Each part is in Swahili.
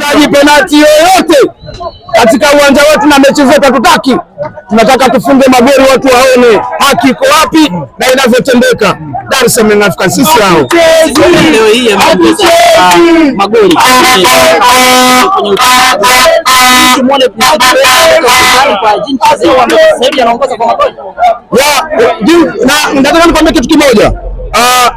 Taji penati yoyote katika uwanja wetu na mechi zetu hatutaki. Tunataka tufunge magoli, watu waone haki iko wapi na inavyotendeka. Dar es Salaam Africans sisi hao. Leo hii magoli nataka nikwambie kitu kimoja, ah,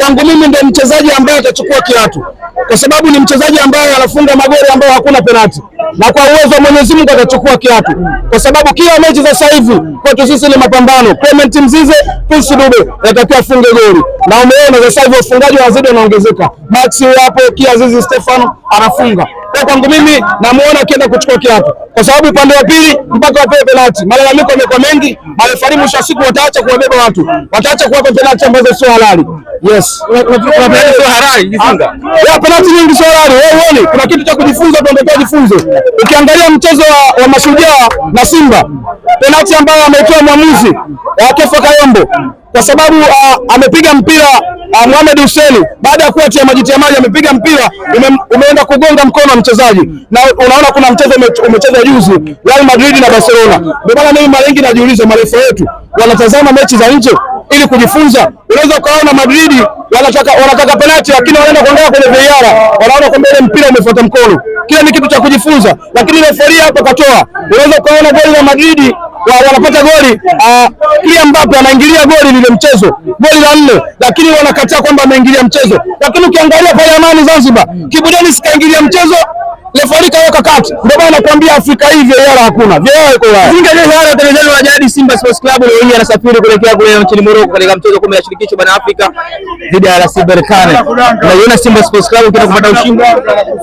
kwangu mimi ndio mchezaji ambaye atachukua kiatu, kwa sababu ni mchezaji ambaye anafunga magoli ambayo hakuna penati, na kwa uwezo wa Mwenyezi Mungu atachukua kiatu, kwa sababu kila mechi sasa hivi kwetu sisi ni mapambano. Clement Mzize, Pulsi Dube anatakiwa afunge goli, na umeona sasa hivi wafungaji wanazidi wanaongezeka, Maxi yapo, Kiazizi Stefano anafunga. Kwa kwangu mimi namuona akienda kuchukua kiapo, kwa sababu upande wa pili mpaka wapewe penalti. Malalamiko yamekuwa mengi, marefari mwisho wa siku wataacha kuwabeba watu, wataacha kuwapa penalti ambazo sio halali. Yes, ah, penalti nyingi sio halali. Wewe uone kuna kitu cha kujifunza, tuondekea jifunze. Ukiangalia mchezo wa, wa Mashujaa na Simba, penalti ambayo ameitoa mwamuzi Kefa Kayombo kwa sababu uh, amepiga mpira uh, Mohamed Hussein baada ya kuachia maji ya maji amepiga mpira ume, umeenda kugonga mkono wa mchezaji, na unaona kuna mchezo umechezwa juzi Real Madrid na Barcelona. Ndio maana mimi mara nyingi najiuliza marefa yetu wanatazama mechi za nje ili kujifunza. Unaweza ukaona Madrid wanataka wanataka penalti, lakini wanaenda kuangalia kwenye VAR, wanaona kwamba ile mpira umefuata mkono. Kila ni kitu cha kujifunza, lakini refari hapa katoa. Unaweza ukaona goli la Madrid wanapata goli pia, ah, Mbappe anaingilia goli lile mchezo, goli la nne, lakini wanakataa kwamba ameingilia mchezo. Lakini ukiangalia pale Amani Zanzibar, Kibudeni sikaingilia mchezo Leforika yoka kati, ndio maana nakwambia Afrika hii vyara hakuna vyara, iko wapi? Zinga leo wale watendaji wa jadi Simba Sports Club leo hii anasafiri kuelekea kule nchini Morocco katika mchezo kombe la shirikisho bana Afrika dhidi ya RS Berkane. Na yona Simba Sports Club ikienda kupata ushindi.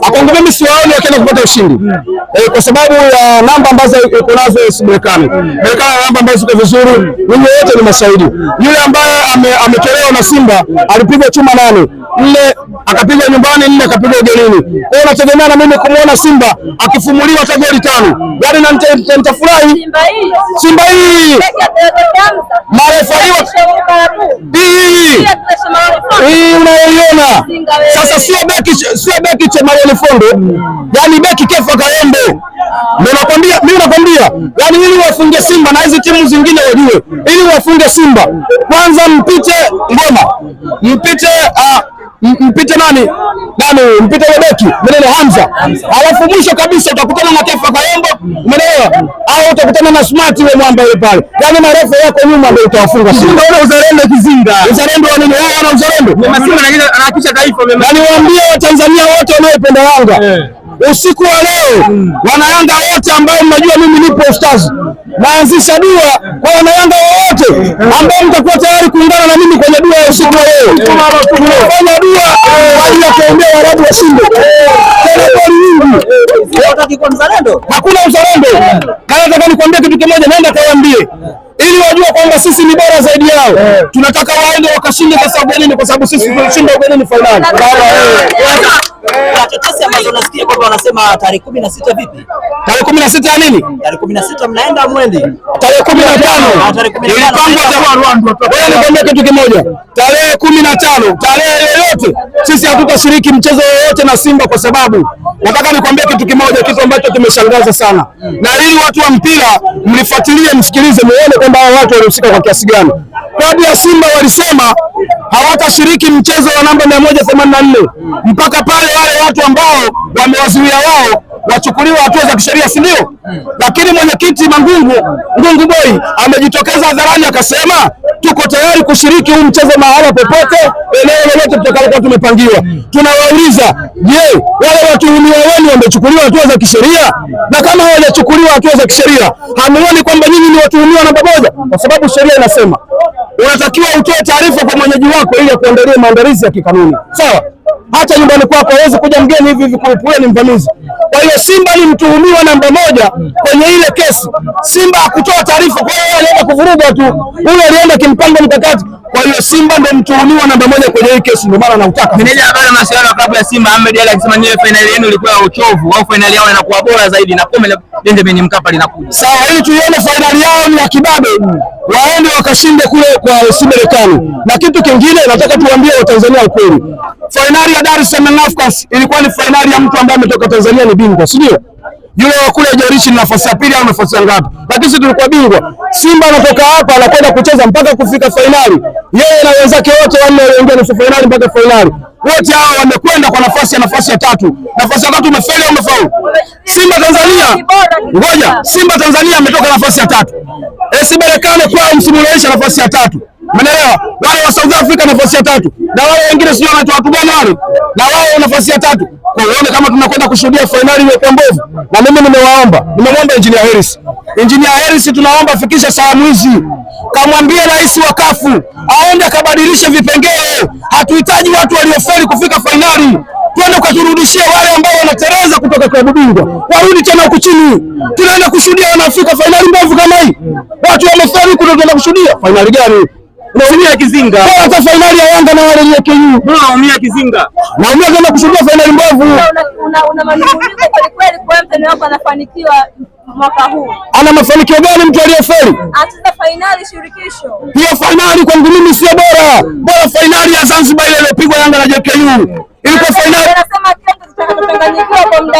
Akongo mimi siwaoni akienda kupata ushindi. Hmm. Eh, kwa sababu ya namba ambazo yuko nazo RS Berkane. Hmm. Berkane namba ambazo ziko vizuri, hmm. Wengi wote ni mashahidi. Yule ambaye ametolewa na Simba alipiga chuma nane nne akapiga nyumbani nne akapiga ugenini. Kwa hiyo nategemea na mimi kumuona Simba akifumuliwa hata goli tano, yaani na nitafurahi. Simba hii marefariwa hii unayoiona sasa, sio beki, sio beki cha Marioni Fondo, yaani beki Kefa Kayembe. Mimi nakwambia mimi, nakwambia yaani, ili wafunge Simba na hizi timu zingine wajue, ili wafunge Simba kwanza mpite Ngoma, mpite uh, mpite nani nani, mpite beki menele Hamza, alafu mwisho kabisa utakutana na Kefa Kayombo, umeelewa? Au utakutana na Smart yule mwamba yule pale, yani marefu yako nyuma ndio utawafunga. Sio unaona uzalendo kizinga, uzalendo wa nini? Wao wana uzalendo mema, taifa mema. Yani waambie Watanzania wote wanaoipenda Yanga eh. usiku wa leo, wana Yanga wote ambao mnajua mimi nipo ustazi, naanzisha dua kwa wana Yanga wote ambao mtakuwa tayari kuungana na mimi kwenye dua ya usiku wa leo. Tunafanya dua kwa ajili ya kuombea Waarabu washinde tena Hakuna uzalendo kana. Nataka nikwambie kitu kimoja, naenda kawaambie ili wajua kwamba sisi ni bora zaidi yao. Tunataka waende wakashinde sasa ugenini, kwa sababu sisi tulishinda ugenini fainali. Eh. Karatasi ambazo nasikia kwamba wanasema tarehe kumi na sita vipi? Tarehe kumi na sita ya nini? Tarehe kumi na sita mnaenda mwendi, ah, tarehe kumi na tano ilipangwa. Nikwambia kitu kimoja tarehe kumi na tano tarehe yoyote, sisi hatutashiriki mchezo yoyote na Simba kwa sababu nataka nikwambie kitu kimoja, kitu ambacho kimeshangaza sana, na ili watu wa mpira mlifuatilie, msikilize, muone kwamba hao watu walihusika kwa kiasi gani. Kadi ya Simba walisema hawatashiriki mchezo wa namba mia moja themanini na nne mpaka pale wale watu ambao wamewazuia wao wachukuliwa hatua za kisheria, si ndio? Lakini mwenyekiti Mangungu Ngungu Boy amejitokeza hadharani akasema tuko tayari kushiriki huu mchezo mahala popote, eneo lolote tutakalokuwa tumepangiwa. Tunawauliza, je, wale watuhumiwa wenu wamechukuliwa hatua za kisheria? Na kama hawajachukuliwa hatua za kisheria, hamuoni kwamba nyinyi ni watuhumiwa namba moja? Kwa sababu sheria inasema unatakiwa utoe taarifa kwa mwenyeji wako ili akuandalie maandalizi ya kikanuni, sawa? hata nyumbani kwako hawezi kuja mgeni hivi hivi kuipulia, ni mvamizi. Kwa hiyo Simba ni mtuhumiwa namba moja kwenye ile kesi. Simba hakutoa taarifa, kwa hiyo alienda kuvuruga tu, huyo alienda kimpango mkakati. Kwa hiyo Simba ndio mtuhumiwa namba moja kwenye hii kesi, ndio maana anautaka. Meneja habari na masuala klabu ya Simba Ahmed Ally akisema nyewe finali yenu ilikuwa ya uchovu au finali yao inakuwa bora zaidi na kombe la Benjamin Mkapa linakuja. Sawa, hii tuione finali yao ni ya kibabe waende wakashinde kule kwa si Marekani. Na kitu kingine nataka tuambie Watanzania ukweli, fainali ya Dar es Salaam Africans ilikuwa ni fainali ya mtu ambaye ametoka Tanzania ni bingwa, si ndio? Yule wa kule Jorishi ni nafasi ya pili au nafasi ya ngapi, lakini sisi tulikuwa bingwa. Simba anatoka hapa anakwenda kucheza mpaka kufika fainali, yeye na wenzake wote wanne walioingia nusu fainali mpaka fainali wote hao wamekwenda kwa nafasi ya nafasi ya tatu. Nafasi ya tatu umefeli au umefaulu? Simba Tanzania, ngoja, Simba Tanzania ametoka nafasi ya tatu AC eh, Berkane kwao msimulaisha nafasi ya tatu, umeelewa? Wale wa South Africa nafasi ya tatu, na wale wengine sio wanaitwa watu gani wale, na wao nafasi ya tatu. Kwa hiyo kama tunakwenda kushuhudia fainali ya mbovu, na mimi nimewaomba, nimemwomba Engineer Harris. Engineer Harris tunaomba afikishe salamu hizi, kamwambie rais wa kafu aende akabadilishe vipengele. Hatuhitaji watu waliofeli kufika fainali kwenda ukaturudishia wale ambao wanatereza kutoka klabu bingwa, warudi tena huku chini. Tunaenda kushuhudia wanafika fainali mbovu kama hii. Watu wamefariki, tunaenda kushuhudia fainali gani? Naumia kizinga. Kwa hata fainali ya Yanga na wale ya KU. Bro, kizinga. Naumia kwenda kushuhudia fainali mbovu. Una una manunguniko kweli kweli kwa mtani wako anafanikiwa mwaka huu. Ana mafanikio gani mtu aliyefeli? Acheza fainali shirikisho. Hiyo fainali kwangu mimi sio bora. Bora fainali ya Zanzibar ile iliyopigwa Yanga na JKU. Ilikuwa fainali. Anasema kuchanganyikiwa. kwa muda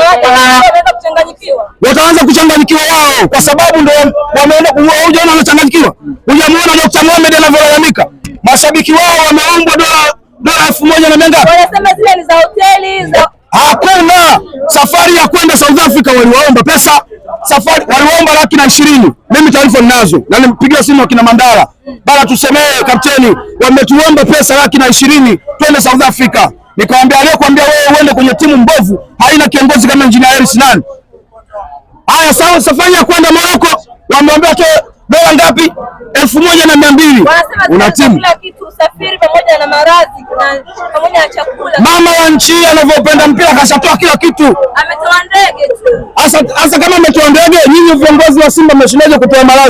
wataanza kuchanganyikiwa wao kwa sababu ndio wameenda kuona wanachanganyikiwa. Hujamuona Dr. Mohamed anavyolalamika, mashabiki wao wameombwa dola dola elfu moja na mia Wanasema zile ni za hoteli za hakuna safari ya kwenda South Africa, waliwaomba pesa safari, waliwaomba laki na ishirini. Mimi taarifa ninazo na nilimpigia simu akina Mandala bana, tusemee kapteni, wametuomba pesa laki na ishirini twende South Africa. Nikamwambia aliyokuambia wewe uende kwenye timu mbovu haina kiongozi kama Engineer Hersi nani? Haya sawa, safari ya kwenda Morocco wamwambia dola ngapi? elfu moja na mia mbili una timu. Mama wa nchi anavyopenda mpira akashatoa kila kitu, hasa kama ametoa ndege. Nyinyi viongozi wa Simba mmeshindaje kutoa malazi?